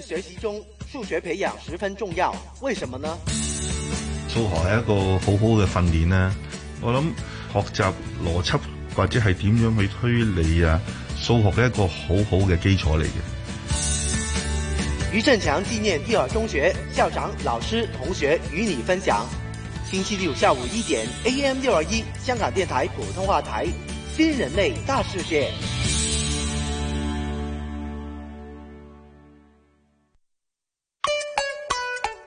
學習中，數學培養十分重要。為什麼呢？數學係一個好好嘅訓練呢，我諗學習邏輯或者係點樣去推理啊，數學係一個好好嘅基礎嚟嘅。余振強紀念第二中學校長、老師、同學與你分享。星期六下午一點，AM 六二一，香港電臺普通話台，《新人類大世界》。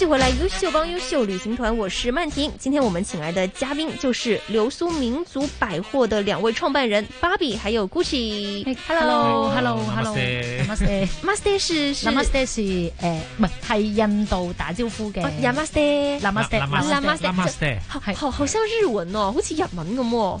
歡迎回來，優秀幫優秀旅行團，我係曼婷。今天我們請來的嘉賓就是流蘇民族百貨的兩位創辦人，芭比還有 Gucci。Hello，Hello，Hello，Namaste，Namaste 是，Namaste 是誒，唔係係印度打招呼嘅。Namaste，Namaste，Namaste，好，好好像日文哦，好似日文咁。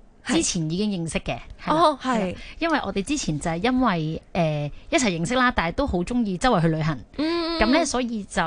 之前已經認識嘅。哦，係，因為我哋之前就係因為誒一齊認識啦，但係都好中意周圍去旅行，咁咧所以就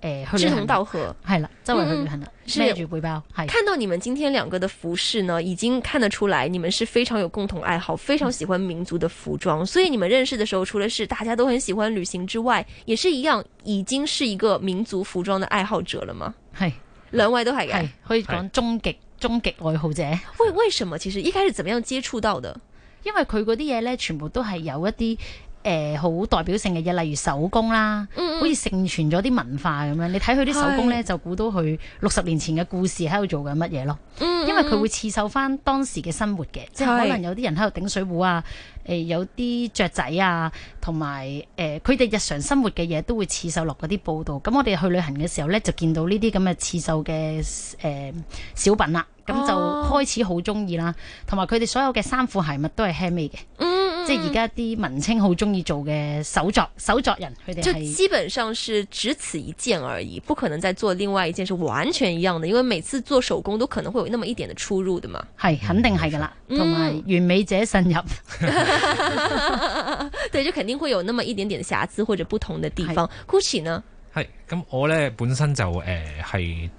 誒志同道合係啦，周圍去旅行啦，孭住背包。係，看到你們今天兩個嘅服飾呢，已經看得出來你們是非常有共同愛好，非常喜歡民族嘅服裝，所以你們認識嘅時候，除了是大家都很喜歡旅行之外，也是一樣已經是一個民族服裝的愛好者了嘛。係，兩位都係嘅，可以講終極。終極愛好者，為為什麼其實一開始怎樣接觸到的？因為佢嗰啲嘢呢，全部都係有一啲誒好代表性嘅嘢，例如手工啦，嗯嗯好似盛傳咗啲文化咁樣。你睇佢啲手工呢，唉就估到佢六十年前嘅故事喺度做緊乜嘢咯。嗯嗯嗯因為佢會刺繡翻當時嘅生活嘅，即係、嗯嗯、可能有啲人喺度頂水壺啊，誒、呃，有啲雀仔啊，同埋誒佢哋日常生活嘅嘢都會刺繡落嗰啲布度。咁我哋去旅行嘅時候呢，就見到呢啲咁嘅刺繡嘅誒小品啦。咁就開始好中意啦，同埋佢哋所有嘅衫褲鞋襪都係 handmade 嘅，mm hmm. 即係而家啲文青好中意做嘅手作手作人，佢哋是就基本上是只此一件而已，不可能再做另外一件是完全一樣的，因為每次做手工都可能會有那麼一點嘅出入的嘛。係，肯定係噶啦，同埋、嗯、完美者進入， 對，就肯定會有那麼一點點瑕疵或者不同的地方。Gucci 是呢？係，咁我呢本身就誒係。呃是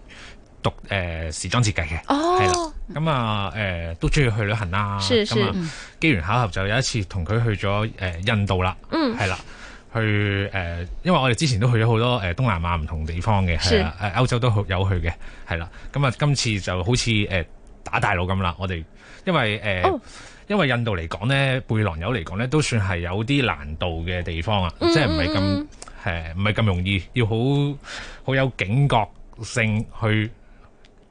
讀誒、呃、時裝設計嘅，係、oh. 啦，咁啊誒都中意去旅行啦，咁啊、嗯、機緣巧合就有一次同佢去咗、呃、印度啦，係、嗯、啦，去誒、呃，因為我哋之前都去咗好多誒、呃、東南亞唔同地方嘅，係是啦，歐洲都有去嘅，係啦，咁、嗯、啊今次就好似、呃、打大佬咁啦，我哋因為誒、呃 oh. 因為印度嚟講咧，背囊友嚟講咧都算係有啲難度嘅地方啊，嗯、即係唔係咁誒唔係咁容易，要好好有警覺性去。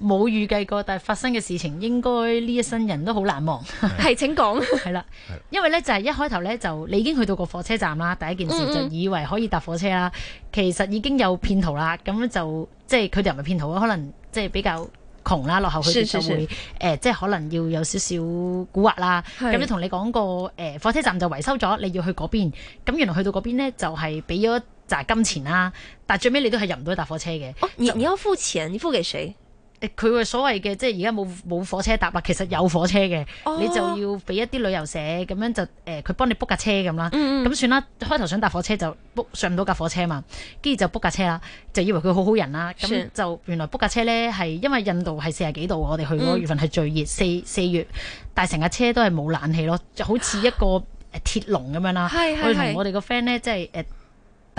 冇預計過，但係發生嘅事情應該呢一生人都好難忘係的 請講係啦，因為呢就係、是、一開頭呢就，你已經去到個火車站啦，第一件事就以為可以搭火車啦、嗯嗯、其實已經有騙徒啦，咁就即係佢哋唔係騙徒，可能即係比較窮啦，落後去就會是是是、呃、即係可能要有少少蠱惑啦，咁你同你講過、呃、火車站就維修咗，你要去嗰邊，咁原來去到嗰邊呢就係俾咗就係金錢啦，但最尾你都係入唔到搭火車嘅、哦、你，你要付錢，你付給誰？佢嘅所謂嘅即係而家冇冇火車搭啊，其實有火車嘅，oh. 你就要俾一啲旅遊社咁樣就誒，佢幫你 book 架車咁啦，咁、mm hmm. 算啦。開頭想搭火車就 book 上唔到架火車嘛，跟住就 book 架車啦，就以為佢好好人啦，咁 Sure. 就原來 book 架車咧係因為印度係四十幾度，我哋去嗰個月份係最熱，四四、mm hmm. 月，但係成架車都係冇冷氣咯，就好似一個誒 鐵籠咁樣啦，去同 我哋個 friend 咧即係誒、呃、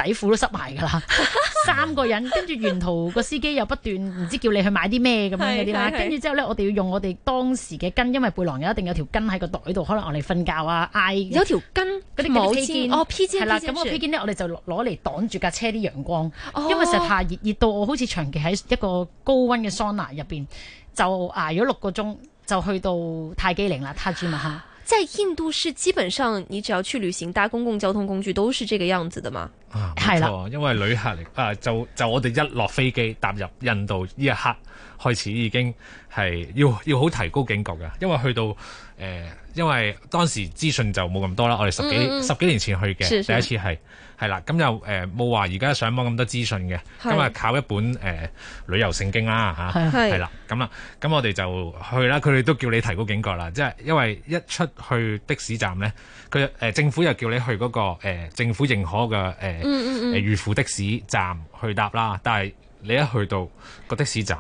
底褲都濕埋㗎啦。 三個人跟住沿途個司機又不斷唔知叫你去買啲咩咁樣嗰啲啦。跟住之後咧，我哋要用我哋當時嘅巾，因為背囊有一定有條巾喺個袋度，可能我哋瞓覺啊，嗌有條巾。嗰啲叫披肩哦，披肩係啦。咁個披肩咧，我哋就攞嚟擋住架車啲陽光，哦、因為成日怕熱到我好似長期喺一個高溫嘅桑拿入面，就捱咗六個鐘，就去到泰姬陵啦，泰姬啦在印度是基本上，你只要去旅行搭公共交通工具都是這個樣子的嘛？啊，係啦，因為旅客啊，就就我哋一落飛機，踏入印度呢一刻開始，已經係要要好提高警覺噶，因為去到誒、呃，因為當時資訊就冇咁多啦，我哋十幾、嗯、十幾年前去嘅是第一次係。係啦，咁又誒冇話而家上網咁多資訊嘅，咁啊靠一本誒、呃、旅遊聖經啦係啦咁啦，咁、啊、我哋就去啦，佢哋都叫你提高警覺啦，即係因為一出去的士站咧，佢、呃、政府又叫你去嗰、那個、呃、政府認可嘅誒預付的士站去搭啦，但係你一去到個的士站，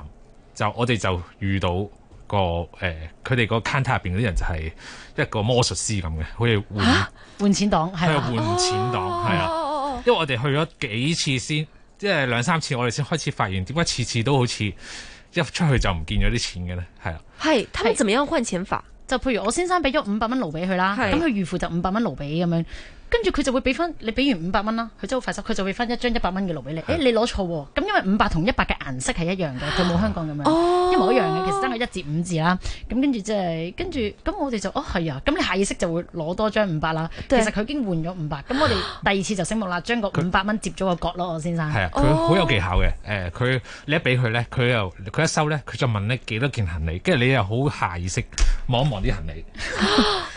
就我哋就遇到、那個誒佢哋個 counter 入面嗰啲人就係一個魔術師咁嘅，好似換換錢黨係換換錢黨係啊。因為我哋去咗幾次先，即係兩三次，我哋先開始發現點解次次都好似一出去就唔見咗啲錢嘅咧，係啊，係，佢哋點樣換錢法？就譬如我先生俾咗五百蚊勞俾佢啦，咁佢預付就五百蚊勞俾咁樣。跟住佢就會俾翻，你俾完五百蚊啦，佢真係好快手，佢就會俾翻一張一百蚊嘅路俾你。誒是的、欸，你攞錯喎，咁因為五百同一百嘅顏色係一樣嘅，佢冇香港咁樣，哦、一模一樣嘅，其實真係一字五字啦。咁跟住即係，跟住咁我哋就，哦係啊，咁你下意識就會攞多張五百啦。對其實佢已經換咗五百，咁我哋第二次就醒目啦，將個五百蚊接咗個角咯，我先生。係啊，佢好有技巧嘅，誒、呃，佢你一俾佢咧，佢又佢一收咧，佢就問你幾多件行李，跟住你又好下意識望一望啲行李，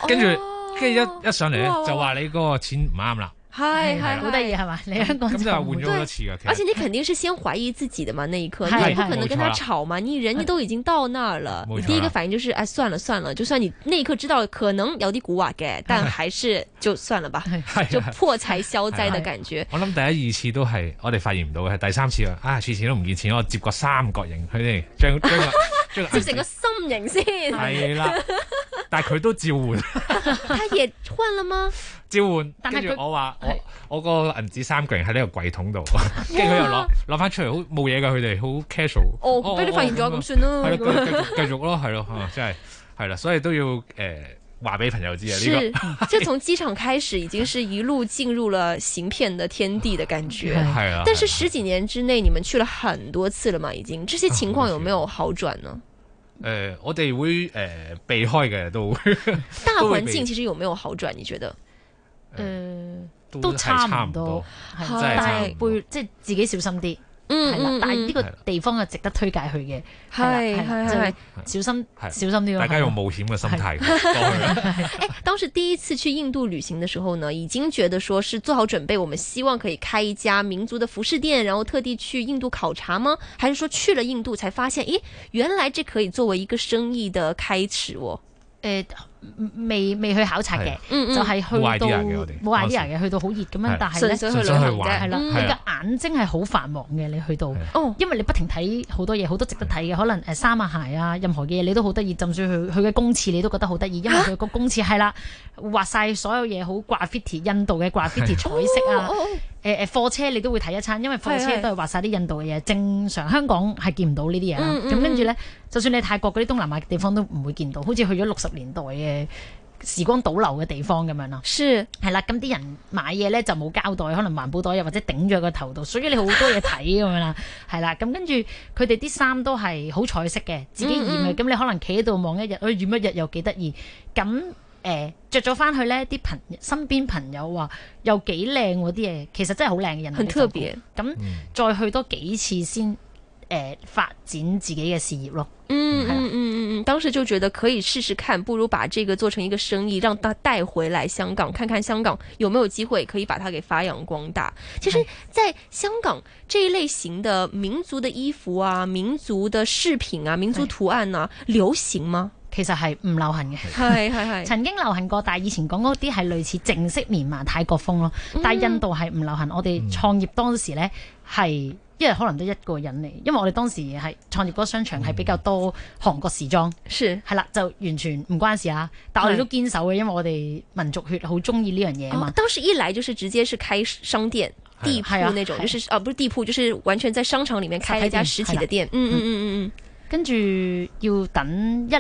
哦、 跟住。一一上嚟就話你嗰個錢唔啱啦，係係好得意係嘛，你香港就係換咗好多次嘅，而且你肯定是先懷疑自己的嘛，那一刻你不可能跟他吵嘛，你人哋都已經到那了，你第一個反應就是，哎，算了算了，就算你那一刻知道可能有啲古惑嘅，但還是就算了吧，就破財消災嘅感覺。我諗第一二次都係我哋發現唔到嘅，係第三次啊，啊次次都唔見錢，我接過三角形，佢哋將將。接成個心形先，係啦，但係佢都召喚，太夜瞓啦嘛？召喚，跟住我話我我個銀紙三個人喺呢個櫃桶度，跟住佢又攞攞返出嚟，好冇嘢噶，佢哋好 casual，哦，俾你發現咗咁算咯，繼續繼續咯，係咯，即係係啦，所以都要誒。話俾朋友知啊！呢是、這個，就從機場開始，已經是一路進入了行騙的天地嘅感覺。係啊，但是十幾年之內，你們去了很多次了嘛？已經，這些情況有沒有好轉呢？ 呃、我哋會，、呃、會，會避開嘅都。大環境其實有冇好轉？你覺得？都差唔多，但係會即係自己小心啲。嗯，係啦了，嗯、但係呢個地方啊，值得推介去嘅，係係係，小心小心啲，大家用冒險嘅心態過去。誒，當時第一次去印度旅行嘅時候呢，已經覺得說是做好準備，我們希望可以開一家民族的服飾店，然後特地去印度考察嗎？還是說去了印度才發現，誒、欸，原來這可以作為一個生意的開始哦？誒、欸。未未去考察嘅，就係去到冇 idea 嘅，去到好熱咁樣，但係咧順去旅行嘅係啦，個眼睛係好繁忙嘅。你去到，因為你不停睇好多嘢，好多值得睇嘅，可能誒衫啊鞋啊，任何嘅嘢你都好得意。就算佢佢嘅公廁你都覺得好得意，因為佢個公廁係啦，畫晒所有嘢好 graffiti 印度嘅 graffiti 彩色啊。誒誒貨車你都會睇一餐，因為貨車都係畫晒啲印度嘅嘢，是是正常香港係見唔到嗯嗯呢啲嘢啦。咁跟住咧，就算你泰國嗰啲東南亞地方都唔會見到，好似去咗六十年代嘅時光倒流嘅地方咁樣是 啦。是，係啦。咁啲人買嘢咧就冇膠袋，可能環保袋又或者頂咗個頭度，所以你好多嘢睇咁樣啦。係啦。咁跟住佢哋啲衫都係好彩色嘅，自己染嘅。咁、嗯、你可能企喺度望一日，誒、呃、染一日又幾得意咁。誒，着咗翻去呢啲朋身邊朋友話又幾靚嗰啲嘢，其實真係好靚嘅人。很特別。咁樣、嗯、再去多幾次先，誒、呃，發展自己嘅事業咯。嗯嗯嗯嗯，當時就覺得可以試試看，不如把這個做成一個生意，讓它帶回來香港，看看香港有沒有機會可以把它給發揚光大。其實，在香港，是這一類型的民族的衣服啊、民族的飾品啊、民族圖案啊，是流行嗎？其實係唔流行嘅，係係係曾經流行過，但係以前講嗰啲係類似正式棉麻泰國風咯。但係印度係唔流行。我哋創業當時咧係，因為可能都一個人嚟，因為我哋當時係創業嗰個商場係比較多韓國時裝，係啦，就完全唔關事啊。但我哋都堅守嘅，因為我哋民族血好鍾意呢樣嘢啊嘛。當時一來就是直接是開商店、地鋪嗰種，就是啊，不是地鋪，就是完全在商場裡面開一家實體嘅店。嗯嗯嗯嗯，跟住要等一。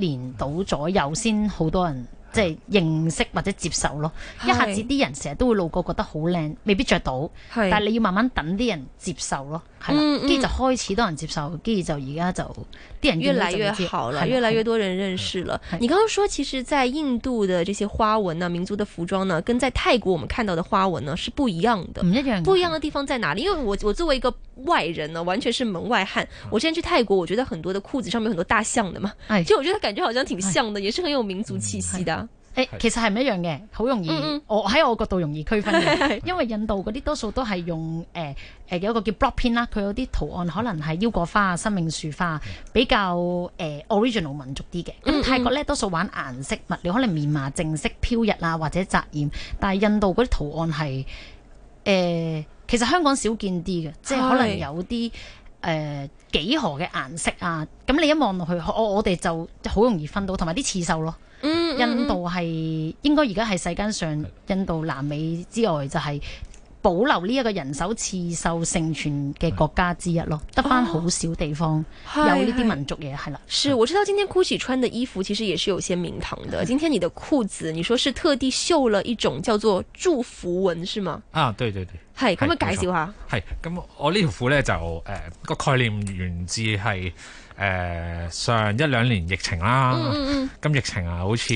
年到左右先，好多人。即係認識或者接受咯，一下子啲人成日都會路過覺得好靚，未必着到，但你要慢慢等啲人接受咯，係啦，跟住就開始多人接受，跟住就而家就啲人越來越好了，越來越多人認識了。你剛剛說其實在印度的這些花紋啊、民族的服裝呢，跟在泰國我們看到的花紋呢是不一樣的。不一樣的地方在哪裡？因為我我作為一個外人呢，完全是門外漢。我之前去泰國，我覺得很多的褲子上面有很多大象的嘛，就我覺得感覺好像挺像的，也是很有民族氣息的。誒、欸，其實係唔一樣嘅，好容易，嗯嗯，我喺我角度容易區分嘅，因為印度嗰啲多數都係用誒誒、呃、有一個叫 block 編啦，佢有啲圖案可能係腰果花啊、生命樹花，比較誒、呃、original 民族啲嘅。咁泰國咧多數玩顏色，物料可能棉麻、正式、飄逸啊或者紮染，但係印度嗰啲圖案係誒、呃，其實香港少見啲嘅，即係可能有啲誒、呃、幾何嘅顏色啊，咁你一望落去，我我哋就好容易分到，同埋啲刺繡咯。嗯，嗯，印是是，印度係應該而家係世間上印度南美之外就係保留呢一個人手刺繡盛傳嘅國家之一咯，得翻好少地方，哦、有呢啲民族嘢係啦。是，的是，我知道今天 Gucci 穿的衣服其實也是有些名堂的。的今天你的褲子，你說是特地繡了一種叫做祝福紋是嗎？啊，對對對，係咁樣介紹下。係，咁我呢條褲呢就誒個、呃、概念源自係。誒、呃、上一兩年疫情啦，咁、嗯嗯、疫情啊，好似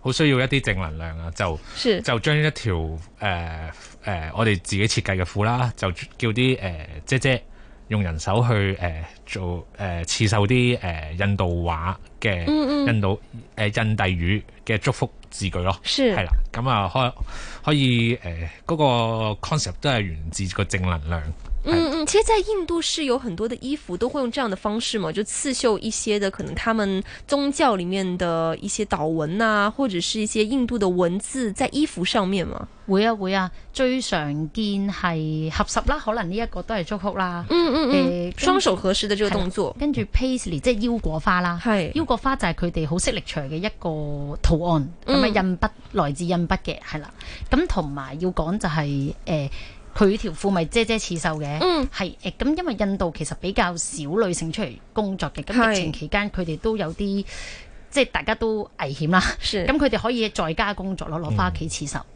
好需要一啲正能量啊，就是就將一條誒誒、呃呃、我哋自己設計嘅褲啦，就叫啲誒、呃、姐姐用人手去誒、呃、做誒、呃、刺繡啲誒印度話嘅印度誒、嗯嗯、印地語嘅祝福字句咯，係是啦，咁啊可可以誒嗰、呃那個 concept 都係源自個正能量。嗯嗯，其實在印度是有很多的衣服都會用這樣的方式嘛，就刺繡一些的可能他們宗教裏面的一些禱文啊，或者是一些印度的文字在衣服上面嘛。會啊會啊，最常見係合十啦，可能呢一個都係祝福啦。嗯嗯雙、呃、手合十的這個動作，是跟住 paisley 即係腰果花啦，係是腰果花就係佢哋好識力場嘅一個圖案，咁啊、嗯、印筆來自印筆嘅係啦，咁同埋要講就係、是、誒。呃佢條褲咪遮遮刺繡嘅，係誒咁，因為印度其實比較少女性出嚟工作嘅，咁疫情期間佢哋都有啲，即係大家都危險啦，咁佢哋可以在家工作囉，攞翻屋企刺繡。嗯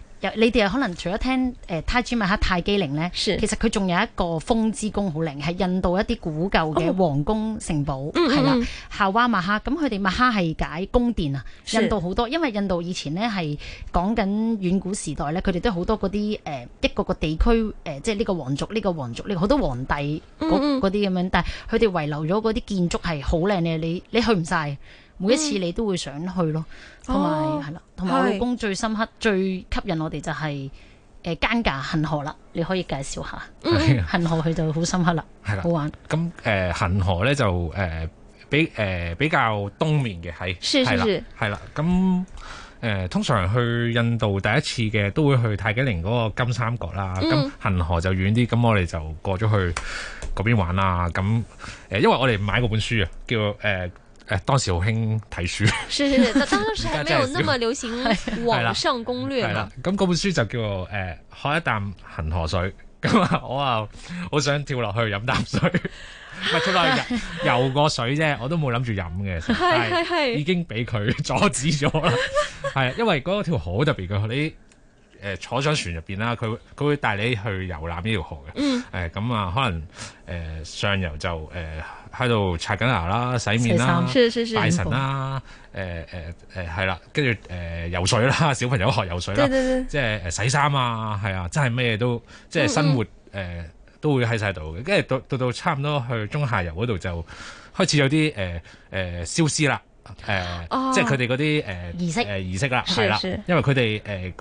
又你哋可能除咗聽誒、呃、泰姬瑪哈泰姬陵咧，是其實佢仲有一個風之宮好靚，係印度一啲古舊嘅王宮城堡，係啦、oh.。夏娃瑪哈，咁佢哋瑪哈係解宮殿啊。印度好多，是因為印度以前咧係講緊遠古時代咧，佢哋都好多嗰啲誒一個個地區誒、呃，即係呢個皇族、呢、呢個皇族、呢、呢個好多皇帝嗰啲咁樣，但係佢哋遺留咗嗰啲建築係好靚嘅，你你，你去唔晒。每一次你都會想去咯，同埋係啦，同埋、哦、我老公最深刻、是最吸引我哋就係誒間隔恆河啦。你可以介紹下，恆的河去到好深刻啦，係啦的，好玩。咁誒恆河咧就、呃、比誒、呃、比較東面嘅係，係啦，啦。咁、呃、通常去印度第一次嘅都會去泰姬陵嗰個金三角啦，咁恆、嗯、河就遠啲，咁我哋就過咗去嗰邊玩啦。咁、呃、因為我哋買嗰本書啊，叫、呃誒當時好興睇書，係係係，但當時還沒有那麼流行網上攻略啦。咁嗰本書就叫做誒開、呃、一啖恒河水，咁啊我啊好想跳落去飲啖水，唔係出去嘅游 過水啫，我都冇諗住飲嘅，已經俾佢阻止咗啦。係啊， 因為嗰條河特別嘅，你。誒坐上船入邊啦，佢佢會帶你去遊覽呢條河嘅。嗯。誒咁啊，可能誒、呃、上游就誒喺度刷緊牙啦、洗面啦、洗衫是是是拜神啦、啊、誒誒誒係啦，跟住誒游水啦，小朋友學游水啦、啊，即係誒洗衫啊，係啊，真係咩都即係生活誒、嗯嗯呃、都會喺晒度嘅。跟住到到到差唔多去中下游嗰度就開始有啲誒誒消失啦，誒、呃哦、即係佢哋嗰啲誒儀式誒、呃、儀式啦，係啦是，因為佢哋誒。呃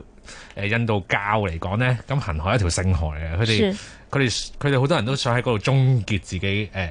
誒，印度教嚟講咧，咁恆河一條聖河嚟嘅，佢哋佢哋佢哋好多人都想喺嗰度終結自己誒。呃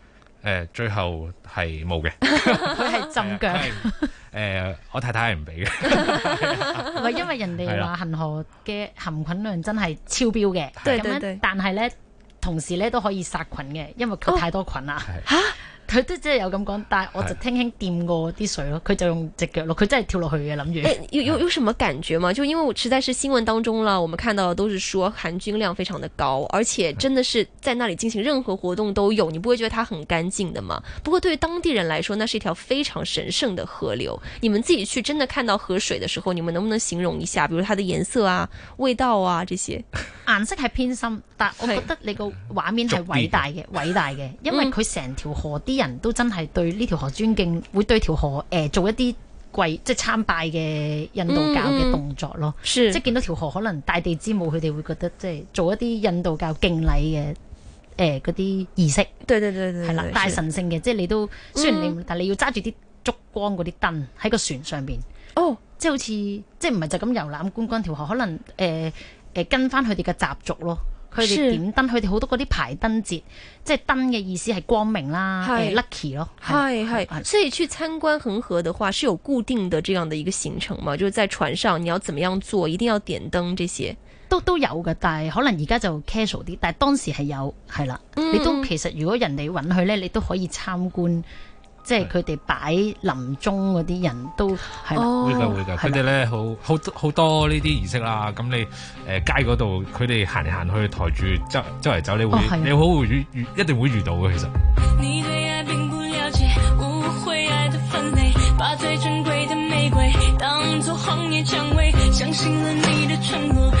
誒，最後係冇嘅，佢係浸腳。誒、呃，我太太係唔俾嘅，係因為人哋話恒河嘅含菌量真係超標嘅，咁對樣，但係咧同時咧都可以殺菌嘅，因為佢太多菌啦。吓、哦？佢都真係有咁講，但係我就輕輕掂過啲水咯。佢的就用隻腳落，佢真係跳落去嘅，諗住、欸。有有有什麼感覺嗎？就因為我實在是新聞當中啦，我們看到的都是說含菌量非常的高，而且真的是在那裡進行任何活動都有，你不會覺得它很乾淨的嘛？不過對於當地人來說，那是一條非常神聖的河流。你們自己去真的看到河水的時候，你們能不能形容一下，比如它的顏色啊、味道啊這些？顏色係偏深，但我覺得你個畫面係偉大嘅的，偉大嘅，因為佢成條河啲。人都真係對呢條河尊敬，會對條河誒、呃、做一啲跪，即係參拜嘅印度教嘅動作咯。嗯、即係見到條河，可能大地之母，佢哋會覺得即係做一啲印度教敬禮嘅，誒嗰啲儀式。對對對係啦，大神聖嘅，是即係你都雖然你，嗯、但係你要揸住啲燭光嗰啲燈喺個船上邊。哦，即係好似即係唔係就咁遊覽觀光條、嗯、河，可能誒誒、呃呃、跟翻佢哋嘅習俗咯。佢哋點燈，佢哋好多嗰啲排燈節，即係燈嘅意思係光明啦是、uh，lucky 咯。係係，所以去參觀恒河嘅話，是有固定的這樣的一個行程嘛？就是在船上你要怎麼樣做，一定要點燈，這些都都有嘅。但係可能而家就 casual 啲，但係當時係有係啦。嗯嗯你都其實如果人哋允許呢，你都可以參觀。即係佢哋擺臨終嗰啲人都係咯，會㗎會㗎，佢哋咧好好好多呢啲儀式啦、啊。咁你誒、呃、街嗰度，佢哋行嚟行去，抬住周周圍走，你會、哦、你好會遇，一定會遇到嘅其實。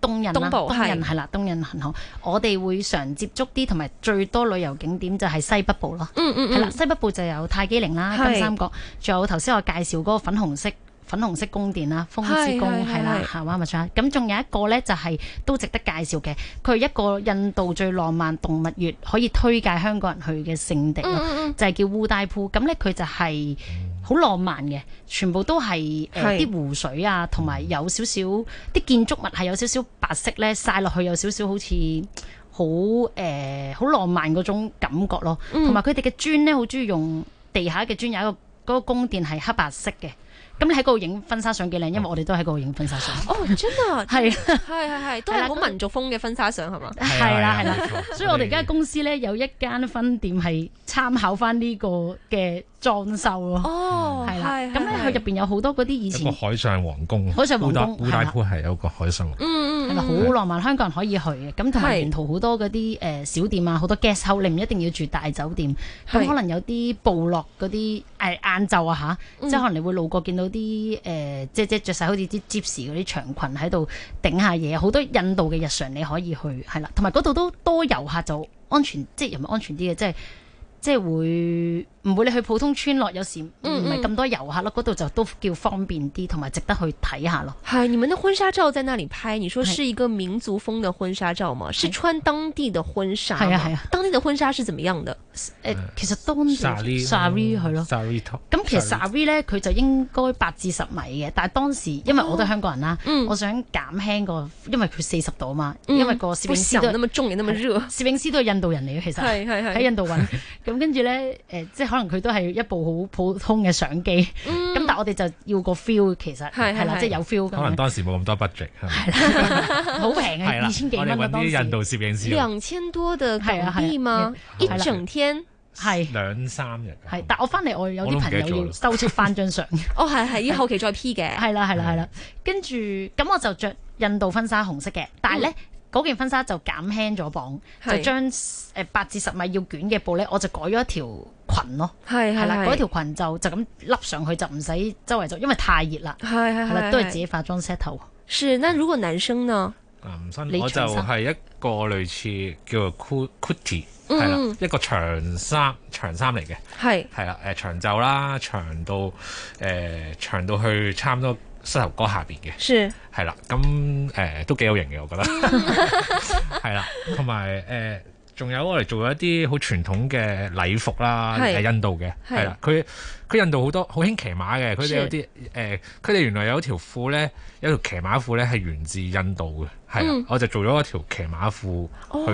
東印啦，東印係啦，東印銀行，我哋會常接觸啲，同埋最多旅遊景點就係西北部咯，嗯。嗯嗯嗯，係啦，西北部就有泰姬陵啦，的金三角，仲有頭先我介紹嗰個粉紅色粉紅色宮殿啦，風之宮係啦，夏娃物產。咁仲的的有一個呢，就係都值得介紹嘅，佢係一個印度最浪漫動物園，可以推介香港人去嘅聖地咯，嗯嗯，就係叫烏代浦。咁呢，佢就係，是。好浪漫嘅，全部都係誒啲湖水啊，同埋是有，有少少啲建築物係有少少白色咧，晒落去有少少好似好誒好浪漫嗰種感覺咯。同埋佢哋嘅磚咧，好中意用地下嘅磚，有一個嗰，嗰個宮殿係黑白色嘅。咁你喺嗰度影婚紗相幾靚，因為我哋都喺嗰度影婚紗相。哦，真、 哦，啊！係係係係，都係好民族風嘅婚紗相係嘛？係啦係啦。所以我哋而家公司咧有一間分店係參考翻呢個嘅裝修咯，係啦，咁咧佢入邊有好多嗰啲以前海上皇宮，海上皇宮，古大浦係有個海上皇宮，嗯嗯，係啦，好浪漫，香港人可以去嘅。咁同埋沿途好多嗰啲誒小店啊，好多 guesthouse 你唔一定要住大酒店，咁可能有啲部落嗰啲誒晏晝啊吓，即係可能你會路過見到啲誒，即係即係著曬好似啲 Gypsy 嗰啲長裙喺度頂下嘢，好多印度嘅日常你可以去，係啦，同埋嗰度都多遊客就安全，即係又咪安全啲嘅，即係即係會。唔會你去普通村落有時唔係咁多遊客咯，嗰度就都叫方便啲，同埋值得去睇下咯。係，你們的婚紗照在那裡拍？你說是一個民族風嘅婚紗照嗎？是穿當地嘅婚紗。係啊係啊，當地的婚紗是怎麼樣嘅？誒，其實當時。Sari 係咯，Sari 套。咁其實 Sari 咧，佢就應該八至十米嘅，但係當時因為我都係香港人啦，我想減輕個，因為佢四十度啊嘛，因為個攝影師都咁重，又咁麼熱，攝影師都係印度人嚟嘅，其實係係係，喺印度揾。咁跟住咧，誒，即係。可能佢都係一部好普通嘅相機，咁但係我哋就要個 feel，其實係啦，即係有 feel。可能當時冇咁多 budget，係啦，好平啊，二千幾蚊。我哋搵啲印度攝影師，兩千多的港幣嘛，一整天係兩三日係，但我翻嚟，我有啲朋友要收出翻張相。哦係，係要後期再 P 嘅，係啦係啦係啦，跟住咁我就着印度婚紗紅色嘅，但係咧。嗰件婚紗就減輕咗磅，是就將誒八至十米要捲嘅布咧，我就改咗一條裙咯，係係啦，條是裙就就咁笠上去就唔使周圍就，因為太熱啦，係係係啦，都係自己化妝 set 頭。是的，那如果男生呢？男生我就係一個類似叫做 c u q u i t 係啦，嗯、一個長衫長衫嚟嘅，係係啦，誒、呃、長袖啦，長到誒、呃、長到去差唔多。膝頭哥下邊嘅，係啦是，咁誒、呃、都幾有型嘅，我覺得，係啦， 同埋誒仲有我哋做咗一啲好傳統嘅禮服啦，係是印度嘅，係啦，佢佢的印度好多好興騎馬嘅，佢哋有啲誒，佢哋是、呃、原來有一條褲咧，有一條騎馬褲咧係源自印度嘅，係，嗯、我就做咗一條騎馬褲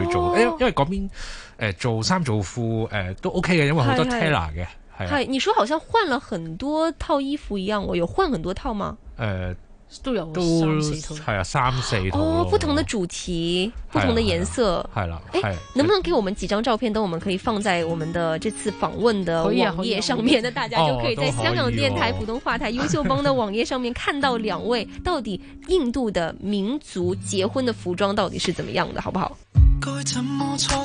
去做，因、哦、因為嗰邊、呃、做衫做褲誒、呃、都 OK 嘅，因為好多 tailor 嘅。係，你說好像換了很多套衣服一樣，我有換很多套嗎？誒，呃、都有都係啊，三四套哦，不同的主題，不同的顏色，係啦、啊。啊啊啊、誒，能不能給我們幾張照片，等我們可以放在我們的這次訪問的網頁上面？那大家就可以、哦、可以在香港電台普通話台優、哦、秀幫的網頁上面看到兩位到底印度的民族結婚的服裝 到底是怎麼樣的，好不好？該怎麼錯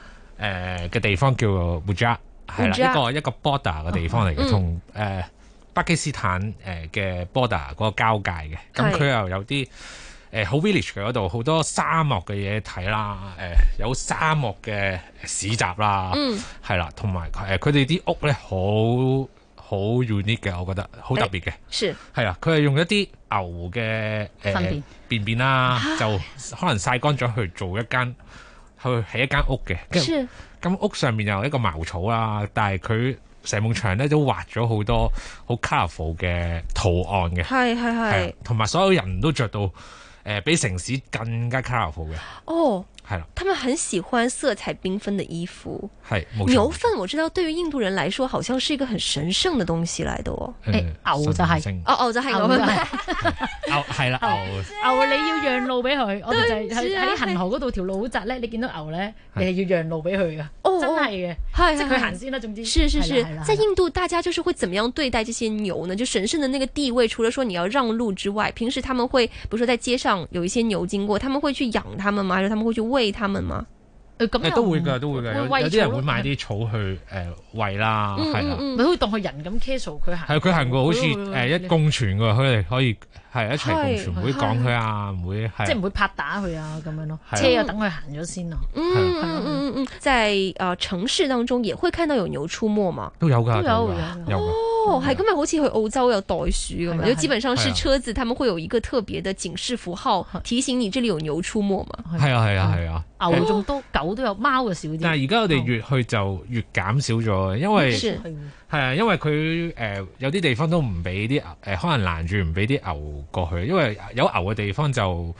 誒嘅、呃、地方叫做烏茲，係啦 uj，一個一個 border 嘅地方嚟嘅，同誒巴基斯坦誒嘅 border 嗰個交界嘅。咁佢是又有啲誒好 village 嘅嗰度，好多沙漠嘅嘢睇啦，誒、呃、有沙漠嘅市集啦，係、嗯、啦，同埋誒佢哋啲屋咧好好 unique 嘅，我覺得好特別嘅。是係啊，佢係用一啲牛嘅誒、呃、Funny. 便便啦，就可能曬乾咗去做一間。去起一間屋嘅，跟住咁屋上面又有一個茅草啦、啊，但係佢成面牆咧都畫咗好多好 colorful 嘅圖案嘅，係係係，同埋所有人都着到誒、呃、比城市更加 colorful 嘅。哦。他們很喜歡色彩繽紛的衣服。係牛糞我知道，對於印度人來說，好像是一個很神聖的東西來的哦。誒，牛就係，哦，牛就係牛，牛係啦，牛牛你要讓路俾佢。我哋就喺喺恒河嗰度條路好窄咧，你見到牛咧，你係要讓路俾佢噶，真係嘅，即係佢行先啦，總之。是是是，在印度大家就是會怎麼樣對待這些牛呢？就神聖的那個地位，除了說你要讓路之外，平時他們會，比如說在街上有一些牛經過，他們會去養他們嗎？還是他們會去餵？俾、嗯嗯嗯嗯、他們嘛，咁都會噶，都會噶，有啲人會買啲草去誒餵啦，係啦，你可以當佢人咁 care，佢行係佢行過，好似誒一共存噶，佢哋可以。係一齊同全會講佢啊，唔會係即係唔會拍打佢啊，咁樣咯。車又等佢行咗先咯。嗯，係咯，嗯嗯嗯，即係誒城市當中也會看到有牛出沒嘛。都有㗎，都有有哦。係咁啊，好似去澳洲有袋鼠咁樣，就基本上是車子，佢哋會有一個特別嘅警示符號，提醒你這裏有牛出沒嘛。係啊係啊係啊，牛仲多，狗都有，貓嘅少啲。但係而家我哋越去就越減少咗，因為。係啊，因為佢誒、呃、有啲地方都唔俾啲牛誒、呃，可能攔住唔俾啲牛過去，因為有牛嘅地方就誒、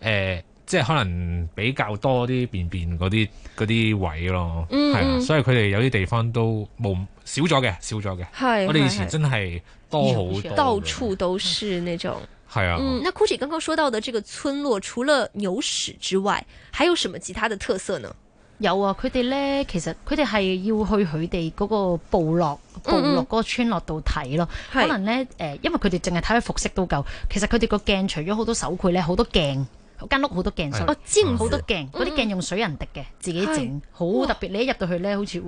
呃，即係可能比較多啲便便嗰啲啲位咯，係啊、嗯，所以佢哋有啲地方都冇少咗嘅，少咗嘅。係，是我哋以前真係多好，到處都是呢種係是啊。嗯，那 Kushy 剛剛講到嘅，這個村落，除了牛屎之外，還有什麼其他的特色呢？有啊，佢哋咧，其實佢哋係要去佢哋嗰個部落。部落嗰個村落度睇咯，可能咧誒，因為佢哋淨係睇佢服飾都夠，其實佢哋個鏡除咗好多手繪咧，好多鏡，間屋好多鏡，好多鏡，嗰啲鏡用水人滴嘅，自己整，好特別。你一入到去咧，好似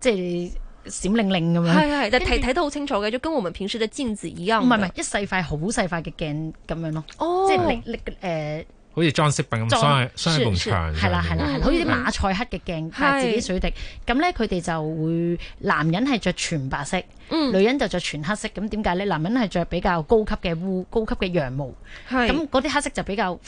即係閃靈靈咁樣，係係，但睇睇得好清楚嘅，就跟我們平時的鏡子一樣。唔係唔係，一細塊好細塊嘅鏡咁樣咯，即係搦搦誒。好似裝飾品咁，雙雙翼，係啦，係啦，好似啲馬賽克嘅鏡加自己水滴。咁咧佢哋就會男人係着全白色，嗯、女人就着全黑色。咁點解咧？男人係着比較高級嘅，烏高級嘅羊毛，係咁，嗰啲黑色就比較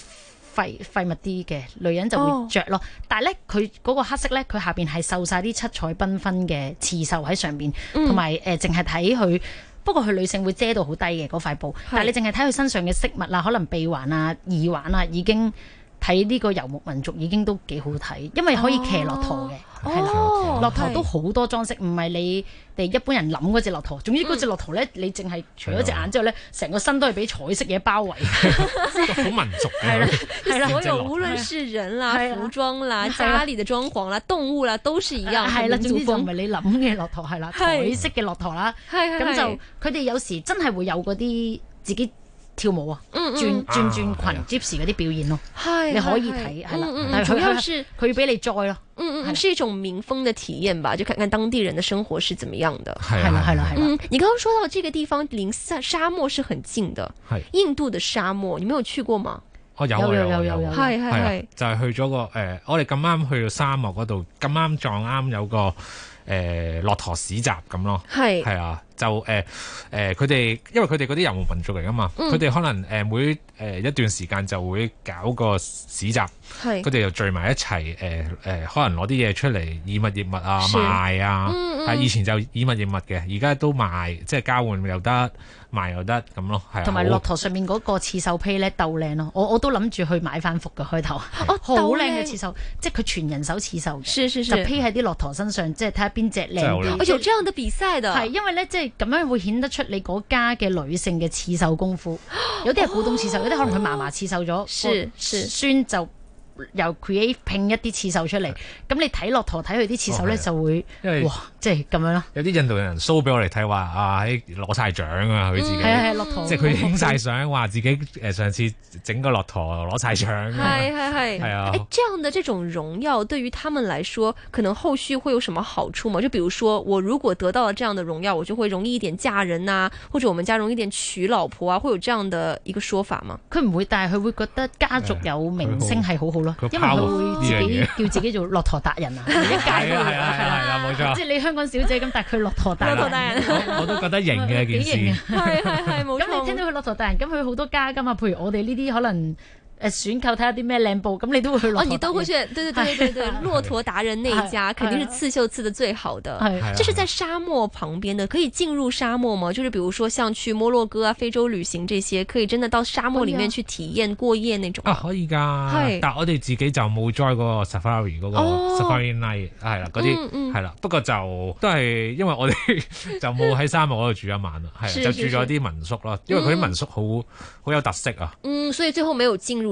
廢廢物啲嘅，女人就會着咯。哦、但係咧，佢嗰個黑色咧，佢下邊係繡晒啲七彩繽紛嘅刺繡喺上邊，同埋誒淨係睇佢。不過佢女性會遮到好低嘅嗰塊布，是但係你淨係睇佢身上嘅飾物啦、啊、可能鼻環啊、耳環啊，已經睇呢個遊牧民族已經都幾好睇，因為可以騎駱駝嘅。哦哦，駱駝都好多裝飾，唔係你哋一般人諗嗰隻駱駝。總之嗰隻駱駝咧，你淨係除咗隻眼之後咧，成個身都係俾彩色嘢包圍，好民族。係啦，係啦，所有無論是人啦、服裝啦、家裏的裝潢啦、動物啦，都是一樣。係啦，總之就唔係你諗嘅駱駝，係啦，彩色嘅駱駝啦。係係，咁就佢哋有時真係會有嗰啲自己。跳舞啊，轉轉轉裙，Gipsy 嗰啲表演咯，你可以睇係啦。佢要佢要俾你載咯，係一種民風嘅體驗吧，就看看當地人嘅生活是怎麼樣嘅。係啦係啦係啦。嗯，你剛剛說到這個地方離沙漠是很近的，印度的沙漠，你沒有去過嗎？有，有啊有有就係去咗個誒，我哋咁啱去到沙漠嗰度，咁啱撞啱有個誒駱駝市集咁咯，係係啊。就誒誒，佢、呃、哋、呃、因為佢哋嗰啲遊牧民族嚟噶嘛，佢哋、嗯、可能誒、呃、每誒、呃、一段時間就會搞個市集，佢哋又聚埋一齊誒誒，可能攞啲嘢出嚟以物易物啊賣啊，嗯嗯以前就以物易物嘅，而家都賣，即係交換又得，賣又得咁咯，同埋駱駝上面嗰個刺繡披咧鬥靚咯，我我都諗住去買翻幅嘅開頭。是哦，鬥靚嘅刺繡，即係佢全人手刺繡嘅，是是是就披喺啲駱駝身上，即係睇下邊隻靚。我仲將我哋比賽嘅，係因為咧即係。咁樣會顯得出你嗰家嘅女性嘅刺繡功夫，有啲係古董刺繡，有啲可能佢嫲嫲刺繡咗，孫就由 create 拼一啲刺繡出嚟，咁是你睇落駝睇佢啲刺繡呢就會、哦啊、哇！即係咁樣咯，有啲印度人 show 俾我嚟睇，話啊喺攞晒獎啊，佢自己，係啊，係啊，「即係佢影晒相，話自己誒上次整個駱駝攞晒獎，係係係，係啊、欸！誒，這樣嘅這種榮耀對於他們來說，可能後續會有什麼好處嘛？就比如說，我如果得到了這樣的榮耀，我就會容易一點嫁人啊，或者我們家容易一點娶老婆啊，會有這樣的一個說法嘛。佢唔會，但係佢會覺得家族有明星係好好咯，欸、他他因為佢自己叫自己做駱駝達人啊，一屆係啊冇錯，即係你。香港小姐咁，但係佢駱駝大人， 我都覺得型嘅一件事。係係係冇錯。咁你聽到佢駱駝大人，咁佢好多家噶嘛？譬如我哋呢啲可能。誒選購睇下啲咩靚布，咁你都會去。哦、啊，你都會去，對對對對對，駱 是駝達人那一家，肯定是刺繡刺得最好的。係係係，就是，是，是，是在沙漠旁邊嘅，可以進入沙漠嘛？就是，比如說，像去摩洛哥啊、非洲旅行這些，可以真的到沙漠裡面去體驗過夜那種。啊，可以㗎。是但我哋自己就冇 join 嗰個 safari 嗰個 safari night，係啦、哦，嗰啲係啦。不過就都係因為我哋就冇喺沙漠嗰度住一晚啦，係、啊、就住咗啲民宿咯。是是是因為佢啲民宿好好、嗯、有特色啊。嗯，所以最後沒有進入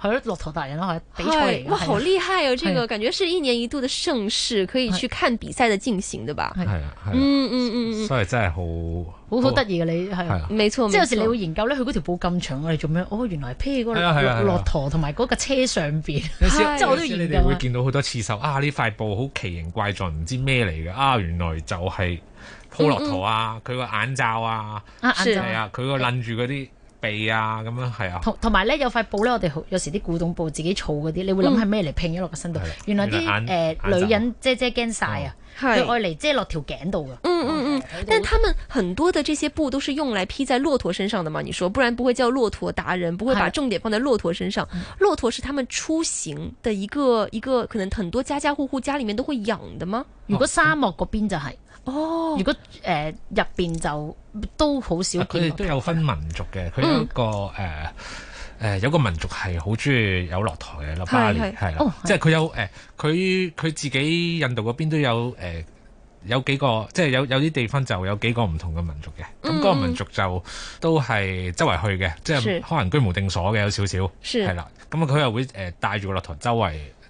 係駱駝達人咯，係，比賽嚟嘅。哇，好厲害啊！呢個感覺是一年一度的盛事，可以去看比賽的進行的吧？係啊，嗯嗯嗯，所以真係好，好好得意嘅。你係，沒錯，即係有時你會研究咧，佢嗰條布咁長，我哋做咩？哦，原來披個駱駱駝同埋嗰架車上邊，即係你哋會見到好多刺繡啊。呢塊布好奇形怪狀，唔知咩嚟嘅啊！原來就係鋪駱駝啊，佢個眼罩啊，眼罩啊，佢個捻住嗰啲。鼻啊，咁樣係啊。同同埋咧，有塊布咧，我哋好有時啲古董布自己儲嗰啲，你會諗係咩嚟，拼咗落個身度？原來啲誒女人遮遮驚晒啊，佢愛嚟遮落條頸度噶。嗯嗯嗯，但係佢哋很多的這些布都是用來披在駱駝身上的嘛？你說，不然不會叫駱駝達人，不會把重點放在駱駝身上。駱駝是他們出行的一個一個，可能很多家家戶戶家裏面都會養的嗎？如果沙漠嗰邊就係哦，如果誒入邊就。都好少，佢哋、啊、都有分民族嘅。佢、嗯、有個誒誒、呃呃，有個民族係好鍾意有落台嘅，落巴尼係啦。即係佢有誒，佢、呃、佢自己印度嗰邊都有誒、呃，有幾個即係有有啲地方就有幾個唔同嘅民族嘅。咁嗰、嗯、個民族就都係周圍去嘅，是即係可能居無定所嘅，有少少係啦。咁啊，佢又會誒帶住個落台周圍，的